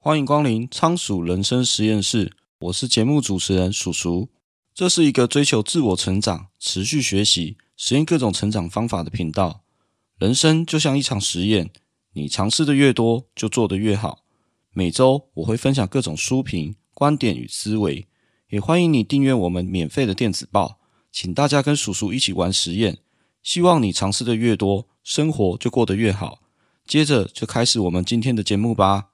歡迎光臨倉鼠人生實驗室，我是節目主持人鼠鼠。這是一個追求自我成長、持續學習、實驗各種成長方法的頻道。人生就像一場實驗，你嘗試的越多，就做得越好。每周我會分享各種書評、觀點與思維，也歡迎你訂閱我們免費的電子報。請大家跟鼠鼠一起玩實驗，希望你嘗試的越多，生活就過得越好。接着就開始我們今天的節目吧。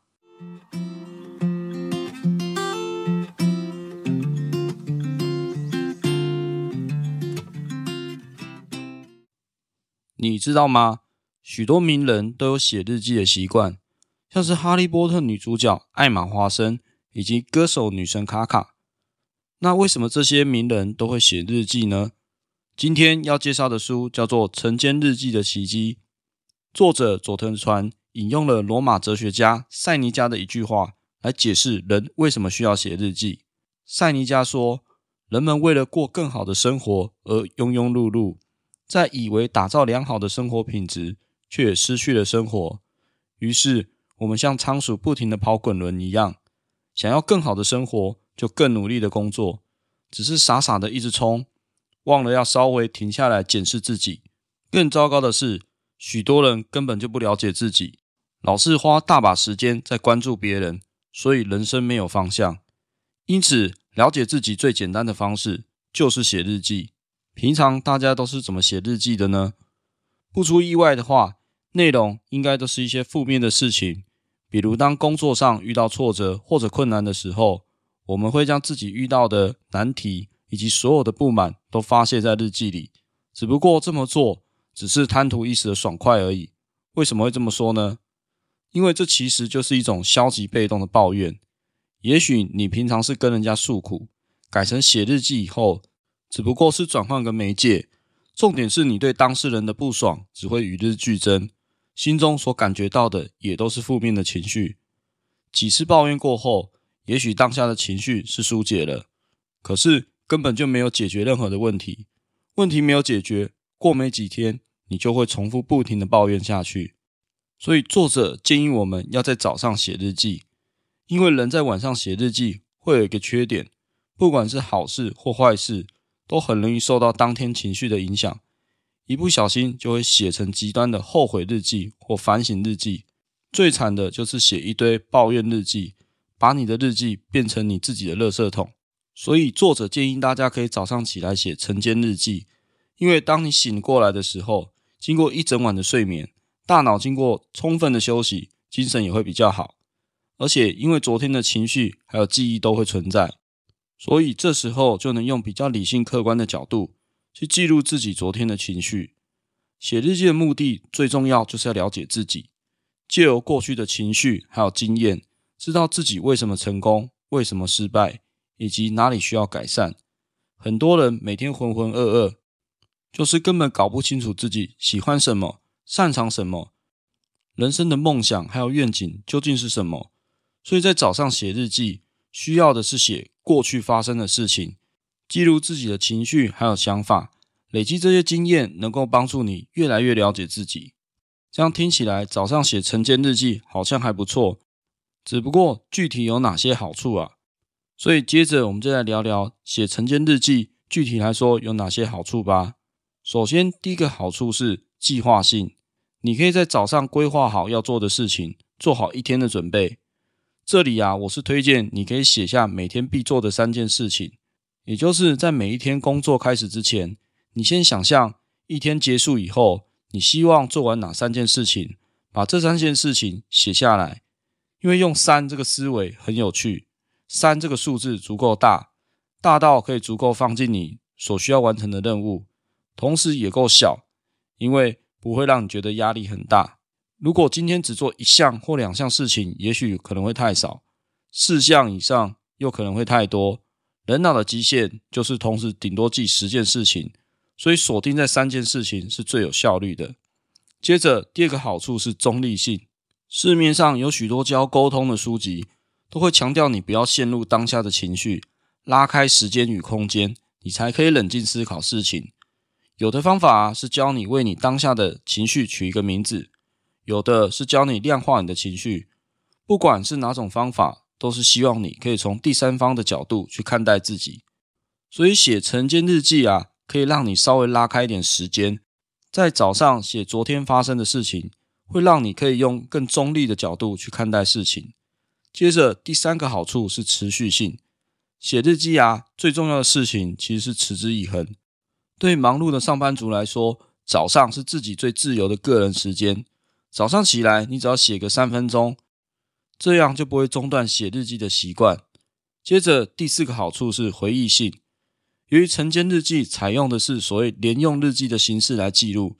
你知道嗎？許多名人都有寫日記的習慣，像是《哈利波特》女主角艾瑪·華生以及歌手女神卡卡。那為什麼這些名人都會寫日記呢？今天要介紹的書叫做《晨間日記的奇蹟》，作者佐藤川引用了羅馬哲學家塞尼加的一句話來解釋人為什麼需要寫日記。塞尼加說：“人們為了過更好的生活而庸庸碌碌。”在以為打造良好的生活品質，卻也失去了生活。於是，我們像倉鼠不停的跑滾輪一樣，想要更好的生活，就更努力的工作，只是傻傻的一直衝，忘了要稍微停下來檢視自己。更糟糕的是，許多人根本就不了解自己，老是花大把時間在關注別人，所以人生沒有方向。因此，了解自己最簡單的方式就是寫日記。平常大家都是怎麼寫日記的呢？不出意外的話，內容應該都是一些負面的事情，比如當工作上遇到挫折或者困難的時候，我們會將自己遇到的難題以及所有的不滿都發洩在日記裡。只不過這麼做只是貪圖一時的爽快而已。為什麼會這麼說呢？因為這其實就是一種消極被動的抱怨。也許你平常是跟人家訴苦，改成寫日記以後，只不過是轉換個媒介，重點是你對當事人的不爽只會與日俱增，心中所感覺到的也都是負面的情緒。幾次抱怨過後，也許當下的情緒是疏解了，可是根本就沒有解決任何的問題。問題沒有解決，過沒幾天，你就會重複不停的抱怨下去。所以，作者建議我們要在早上寫日記，因為人在晚上寫日記會有一個缺點，不管是好事或壞事，都很容易受到當天情緒的影響，一不小心就會寫成極端的後悔日記或反省日記，最慘的就是寫一堆抱怨日記，把你的日記變成你自己的垃圾桶。所以，作者建議大家可以早上起來寫晨間日記，因為當你醒過來的時候，經過一整晚的睡眠，大腦經過充分的休息，精神也會比較好，而且因為昨天的情緒還有記憶都會存在。所以這時候就能用比較理性、客觀的角度去記錄自己昨天的情緒。寫日記的目的最重要就是要了解自己，借由過去的情緒還有經驗，知道自己為什麼成功、為什麼失敗，以及哪裡需要改善。很多人每天渾渾噩噩，就是根本搞不清楚自己喜歡什麼、擅長什麼。人生的夢想還有願景究竟是什麼。所以在早上寫日記，需要的是寫過去發生的事情，記錄自己的情緒還有想法，累積這些經驗，能夠幫助你越來越了解自己。這樣聽起來，早上寫晨間日記好像還不錯，只不過具體有哪些好處啊？所以接着我們就來聊聊寫晨間日記具體來說有哪些好處吧。首先，第一個好處是計劃性，你可以在早上規劃好要做的事情，做好一天的準備。這裡啊，我是推薦你可以寫下每天必做的三件事情，也就是在每一天工作開始之前，你先想象一天結束以後，你希望做完哪三件事情，把這三件事情寫下來。因為用三這個思維很有趣，三這個數字足夠大，大到可以足夠放進你所需要完成的任務，同時也夠小，因為不會讓你覺得壓力很大。如果今天只做一項或兩項事情，也許可能會太少；四項以上又可能會太多。人腦的極限就是同時頂多記十件事情，所以鎖定在三件事情是最有效率的。接着，第二個好處是中立性。市面上有許多教溝通的書籍，都會強調你不要陷入當下的情緒，拉開時間與空間，你才可以冷靜思考事情。有的方法是教你為你當下的情緒取一個名字，有的是教你量化你的情緒，不管是哪種方法，都是希望你可以從第三方的角度去看待自己。所以寫晨間日記啊，可以讓你稍微拉開一點時間，在早上寫昨天發生的事情，會讓你可以用更中立的角度去看待事情。接着，第三個好處是持續性，寫日記啊，最重要的事情其實是持之以恆。對忙碌的上班族來說，早上是自己最自由的個人時間。早上起來，你只要寫個三分鐘，這樣就不會中斷寫日記的習慣。接着，第四個好處是回憶性。由於晨間日記採用的是所謂連用日記的形式來記錄，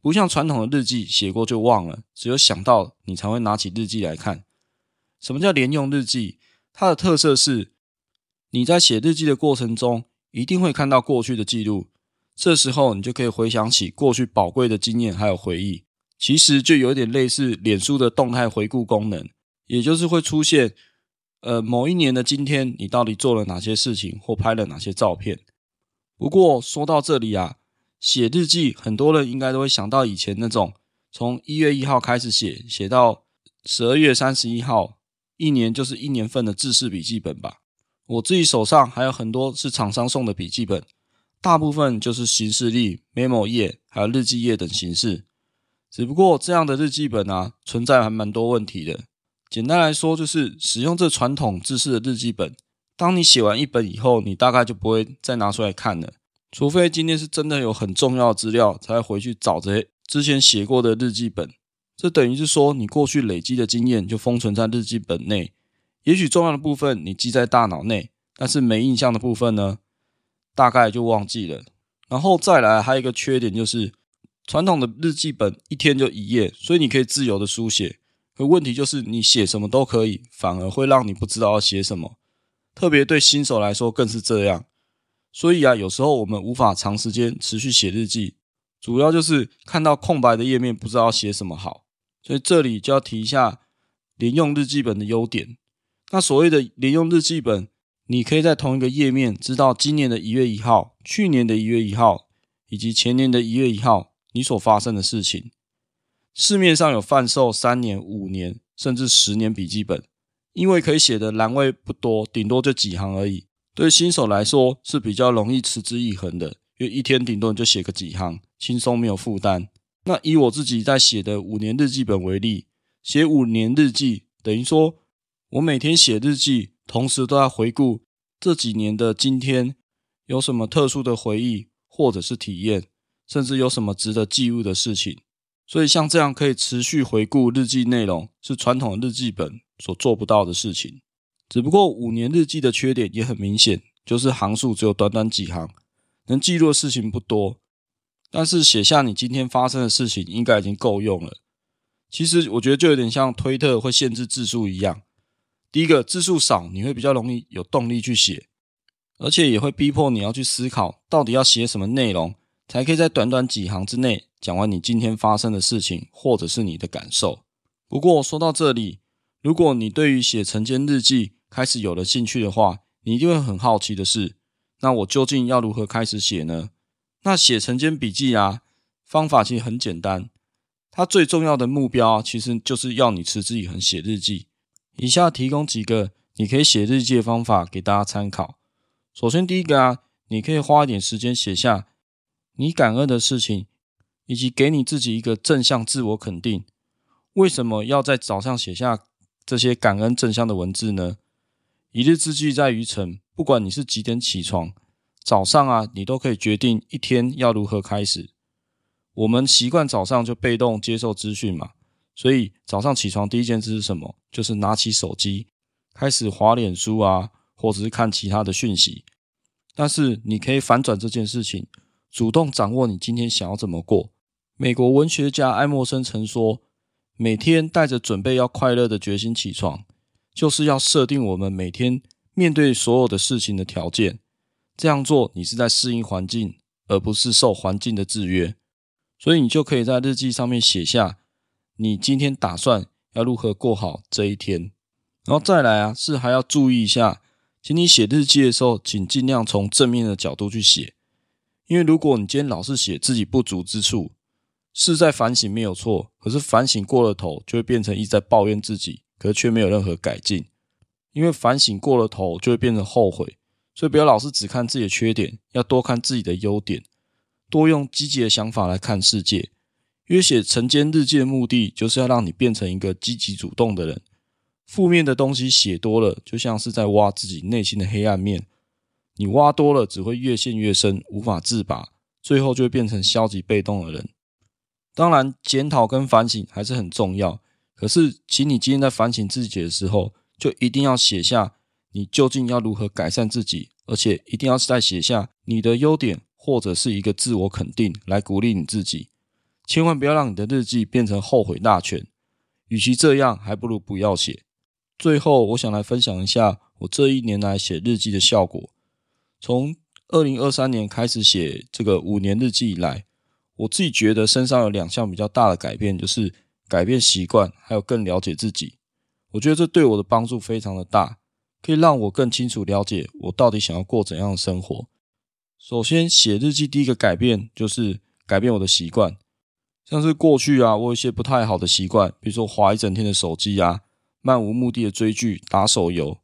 不像傳統的日記寫過就忘了，只有想到你才會拿起日記來看。什麼叫連用日記？它的特色是，你在寫日記的過程中，一定會看到過去的記錄，這時候你就可以回想起過去寶貴的經驗還有回憶。其實就有點類似臉書的動態回顧功能，也就是會出現，呃，某一年的今天你到底做了哪些事情或拍了哪些照片。不過說到這裡啊，寫日記很多人應該都會想到以前那種從一月一號開始寫，寫到十二月三十一號，一年就是一年份的制式筆記本吧。我自己手上還有很多是廠商送的筆記本，大部分就是行事曆、memo 頁還有日記頁等形式。只不過這樣的日記本啊，存在還蠻多問題的。簡單來說，就是使用這傳統制式的日記本，當你寫完一本以後，你大概就不會再拿出來看了，除非今天是真的有很重要的資料，才會回去找這些之前寫過的日記本。這等於是說，你過去累積的經驗就封存在日記本內。也許重要的部分你記在大腦內，但是沒印象的部分呢，大概就忘記了。然後再來，還有一個缺點就是。傳統的日記本一天就一頁，所以你可以自由地書寫。可問題就是你寫什麼都可以，反而會讓你不知道要寫什麼，特別對新手來說更是這樣。所以啊，有時候我們無法長時間持續寫日記，主要就是看到空白的頁面不知道寫什麼好。所以這裡就要提一下連用日記本的優點。那所謂的連用日記本，你可以在同一個頁面知道今年的一月一號、去年的一月一號以及前年的一月一號你所發生的事情，市面上有販售三年、五年甚至十年筆記本。因為可以寫的欄位不多，頂多就幾行而已。對新手來說是比較容易持之以恆的，因為一天頂多你就寫個幾行，輕鬆沒有負擔。那以我自己在寫的五年日記本為例，寫五年日記等於說，我每天寫日記，同時都要回顧這幾年的今天有什麼特殊的回憶或者是體驗。甚至有什麼值得記錄的事情，所以像這樣可以持續回顧日記內容，是傳統的日記本所做不到的事情。只不過五年日記的缺點也很明顯，就是行數只有短短幾行，能記錄的事情不多。但是寫下你今天發生的事情，應該已經夠用了。其實我覺得就有點像推特會限制字數一樣，第一個字數少，你會比較容易有動力去寫，而且也會逼迫你要去思考到底要寫什麼內容。才可以在短短幾行之內講完你今天發生的事情，或者是你的感受。不過說到這裡，如果你對於寫晨間日記開始有了興趣的話，你一定會很好奇的是，那我究竟要如何開始寫呢？那寫晨間筆記啊，方法其實很簡單，它最重要的目標其實就是要你持之以恆寫日記。以下提供幾個你可以寫日記的方法給大家參考。首先第一個啊，你可以花一點時間寫下，你感恩的事情，以及給你自己一個正向自我肯定。為什麼要在早上寫下這些感恩正向的文字呢？一日之計在於晨，不管你是幾點起床，早上啊，你都可以決定一天要如何開始。我們習慣早上就被動接受資訊嘛，所以早上起床第一件事是什麼？就是拿起手機開始滑臉書啊，或者是看其他的訊息。但是你可以反轉這件事情。主動掌握你今天想要怎麼過。美國文學家愛默生曾說：“每天帶着準備要快樂的決心起床，就是要設定我們每天面對所有的事情的條件。這樣做，你是在適應環境，而不是受環境的制約。所以，你就可以在日記上面寫下你今天打算要如何過好這一天。然後再來啊，是還要注意一下，請你寫日記的時候，請盡量從正面的角度去寫。”因為如果你今天老是寫自己不足之處，是在反省沒有錯，可是反省過了頭就會變成一直在抱怨自己，可卻沒有任何改進。因為反省過了頭就會變成後悔，所以不要老是只看自己的缺點，要多看自己的優點，多用積極的想法來看世界。因為寫晨間日記的目的就是要讓你變成一個積極主動的人，負面的東西寫多了，就像是在挖自己內心的黑暗面。你挖多了，只會越陷越深，無法自拔，最後就會變成消極被動的人。當然，檢討跟反省還是很重要。可是，請你今天在反省自己的時候，就一定要寫下你究竟要如何改善自己，而且一定要再寫下你的優點，或者是一個自我肯定，來鼓勵你自己。千萬不要讓你的日記變成後悔大全。與其這樣，還不如不要寫。最後，我想來分享一下我這一年來寫日記的效果。從二零二三年開始寫這個五年日記以來，我自己覺得身上有兩項比較大的改變，就是改變習慣，還有更了解自己。我覺得這對我的幫助非常的大，可以讓我更清楚了解我到底想要過怎樣的生活。首先，寫日記第一個改變就是改變我的習慣，像是過去啊，我有一些不太好的習慣，比如說滑一整天的手機啊，漫無目的的追劇、打手遊，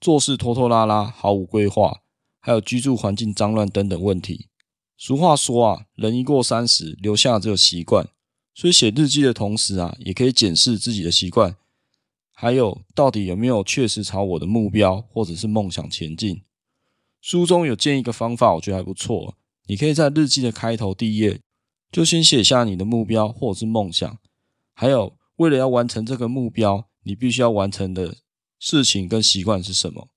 做事拖拖拉拉，毫無規劃。還有居住環境髒亂等等問題。俗話說啊，人一過三十，留下只有習慣。所以寫日記的同時啊，也可以檢視自己的習慣，還有到底有沒有確實朝我的目標或者是夢想前進。書中有建議一個方法，我覺得還不錯。你可以在日記的開頭第一頁就先寫下你的目標或者是夢想，還有為了要完成這個目標，你必須要完成的事情跟習慣是什麼。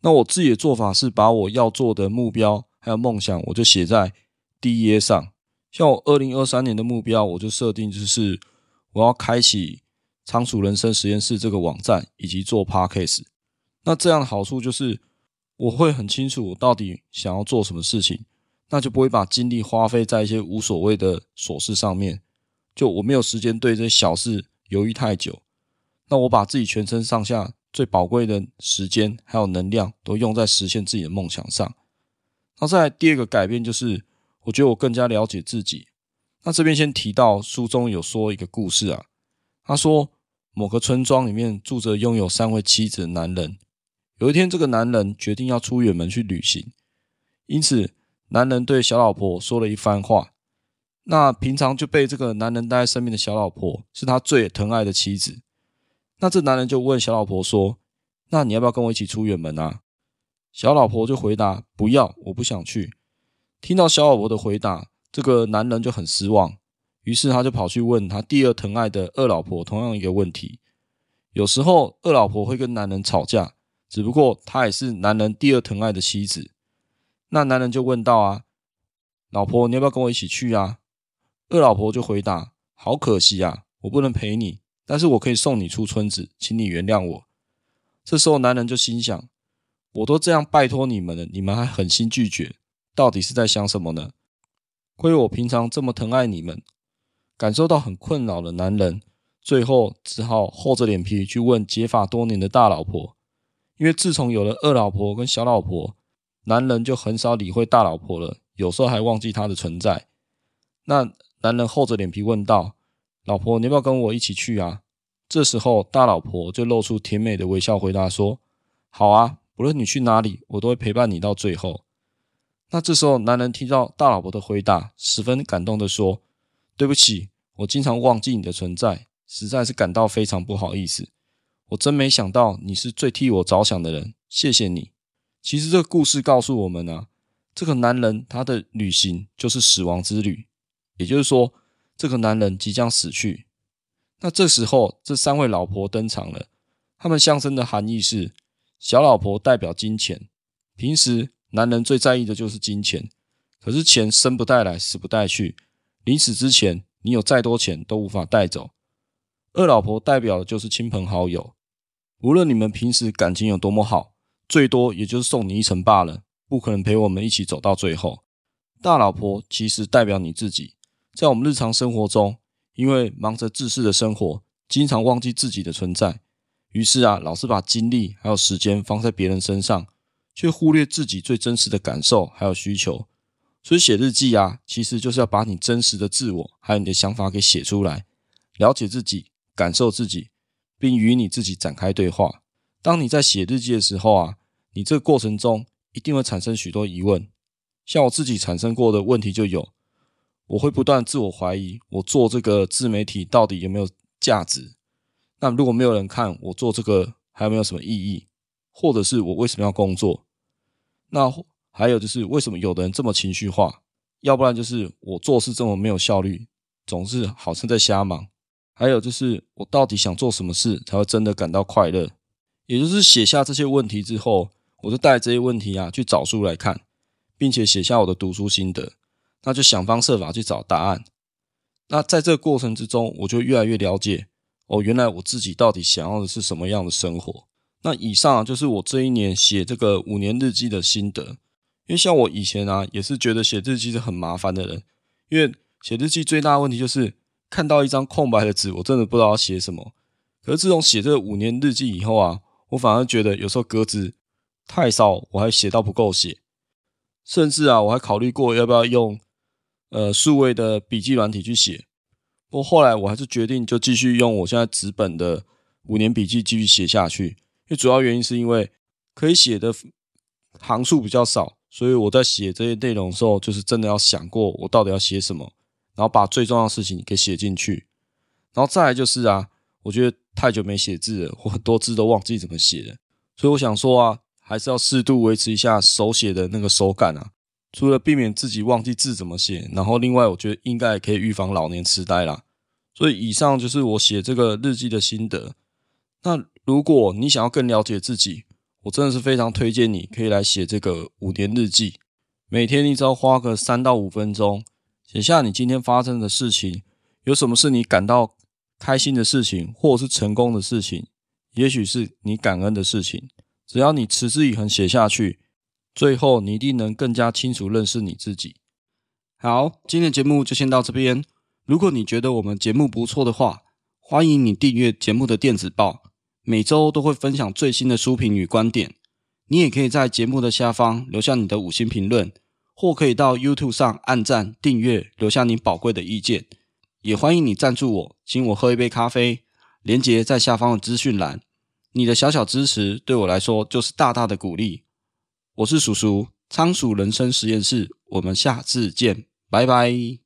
那我自己的做法是把我要做的目標還有夢想，我就寫在第一頁上。像我二零二三年的目標，我就設定就是我要開啟倉鼠人生實驗室這個網站，以及做 Podcast。那這樣的好處就是我會很清楚我到底想要做什麼事情，那就不會把精力花費在一些無所謂的瑣事上面。就我沒有時間對這些小事猶豫太久。那我把自己全身上下。最寶貴的時間還有能量，都用在實現自己的夢想上。那再來第二個改變，就是我覺得我更加了解自己。那這邊先提到書中有說一個故事啊，他說某個村莊裡面住着擁有三位妻子的男人。有一天，這個男人決定要出遠門去旅行，因此男人對小老婆說了一番話。那平常就被這個男人帶在身邊的小老婆，是他最疼愛的妻子。那這男人就問小老婆說：“那你要不要跟我一起出遠門啊？”小老婆就回答：“不要，我不想去。”聽到小老婆的回答，這個男人就很失望，於是他就跑去問他第二疼愛的二老婆同樣一個問題。有時候二老婆會跟男人吵架，只不過她也是男人第二疼愛的妻子。那男人就問道啊：“老婆，你要不要跟我一起去啊？”二老婆就回答：“好可惜啊，我不能陪你。”但是我可以送你出村子，請你原諒我。這時候，男人就心想：我都這樣拜托你們了，你們還狠心拒絕，到底是在想什麼呢？虧我平常這麼疼愛你們，感受到很困擾的男人，最後只好厚着臉皮去問結髮多年的大老婆。因為自從有了二老婆跟小老婆，男人就很少理會大老婆了，有時候還忘記她的存在。那男人厚着臉皮問道。老婆，你要不要跟我一起去啊？這時候，大老婆就露出甜美的微笑，回答說：“好啊，不論你去哪裡，我都會陪伴你到最後。”那這時候，男人聽到大老婆的回答，十分感動地說：“對不起，我經常忘記你的存在，實在是感到非常不好意思。我真沒想到你是最替我着想的人，謝謝你。”其實，這個故事告訴我們呢、啊，這個男人他的旅行就是死亡之旅，也就是說。這個男人即將死去，那這時候這三位老婆登場了。他們象徵的含義是：小老婆代表金錢，平時男人最在意的就是金錢。可是錢生不帶來，死不帶去，臨死之前你有再多錢都無法帶走。二老婆代表的就是親朋好友，無論你們平時感情有多麼好，最多也就是送你一程罷了，不可能陪我們一起走到最後。大老婆其實代表你自己。在我們日常生活中，因為忙着自私的生活，經常忘記自己的存在，於是啊，老是把精力還有時間放在別人身上，卻忽略自己最真實的感受還有需求。所以寫日記啊，其實就是要把你真實的自我還有你的想法給寫出來，了解自己，感受自己，並與你自己展開對話。當你在寫日記的時候啊，你這個過程中一定會產生許多疑問，像我自己產生過的問題就有。我會不斷自我懷疑，我做這個自媒體到底有沒有價值？那如果沒有人看，我做這個還有沒有什麼意義？或者是我為什麼要工作？那還有就是為什麼有的人這麼情緒化？要不然就是我做事這麼沒有效率，總是好像在瞎忙。還有就是我到底想做什麼事才會真的感到快樂。也就是寫下這些問題之後，我就帶這些問題啊去找書來看，並且寫下我的讀書心得。那就想方設法去找答案。那在這過程之中，我就越來越了解哦，原來我自己到底想要的是什麼樣的生活。那以上啊，就是我這一年寫這個五年日記的心得。因為像我以前啊，也是覺得寫日記是很麻煩的人。因為寫日記最大的問題就是看到一張空白的紙，我真的不知道要寫什麼。可是自從寫這個五年日記以後啊，我反而覺得有時候格子太少，我還寫到不夠寫。甚至啊，我還考慮過要不要用。呃，數位的筆記軟體去寫，不過後來我還是決定就繼續用我現在紙本的五年筆記繼續寫下去，因為主要原因是因為可以寫的行數比較少，所以我在寫這些內容的時候，就是真的要想過我到底要寫什麼，然後把最重要的事情給寫進去，然後再來就是啊，我覺得太久沒寫字了，我很多字都忘記怎麼寫了，所以我想說啊，還是要適度維持一下手寫的那個手感啊。除了避免自己忘記字怎麼寫，然後另外我覺得應該也可以預防老年痴呆啦。所以以上就是我寫這個日記的心得。那如果你想要更了解自己，我真的是非常推薦你可以來寫這個五年日記。每天你只要花個三到五分鐘，寫下你今天發生的事情，有什麼是你感到開心的事情，或者是成功的事情，也許是你感恩的事情。只要你持之以恆寫下去。最後，你一定能更加清楚認識你自己。好，今天的節目就先到這邊。如果你覺得我們節目不錯的話，歡迎你訂閱節目的電子報，每周都會分享最新的書評與觀點。你也可以在節目的下方留下你的五星評論，或可以到 YouTube 上按讚訂閱，留下你寶貴的意見。也歡迎你贊助我，請我喝一杯咖啡，連結在下方的資訊欄，你的小小支持對我來說就是大大的鼓勵。我是鼠叔，倉鼠人生實驗室，我們下次見，拜拜。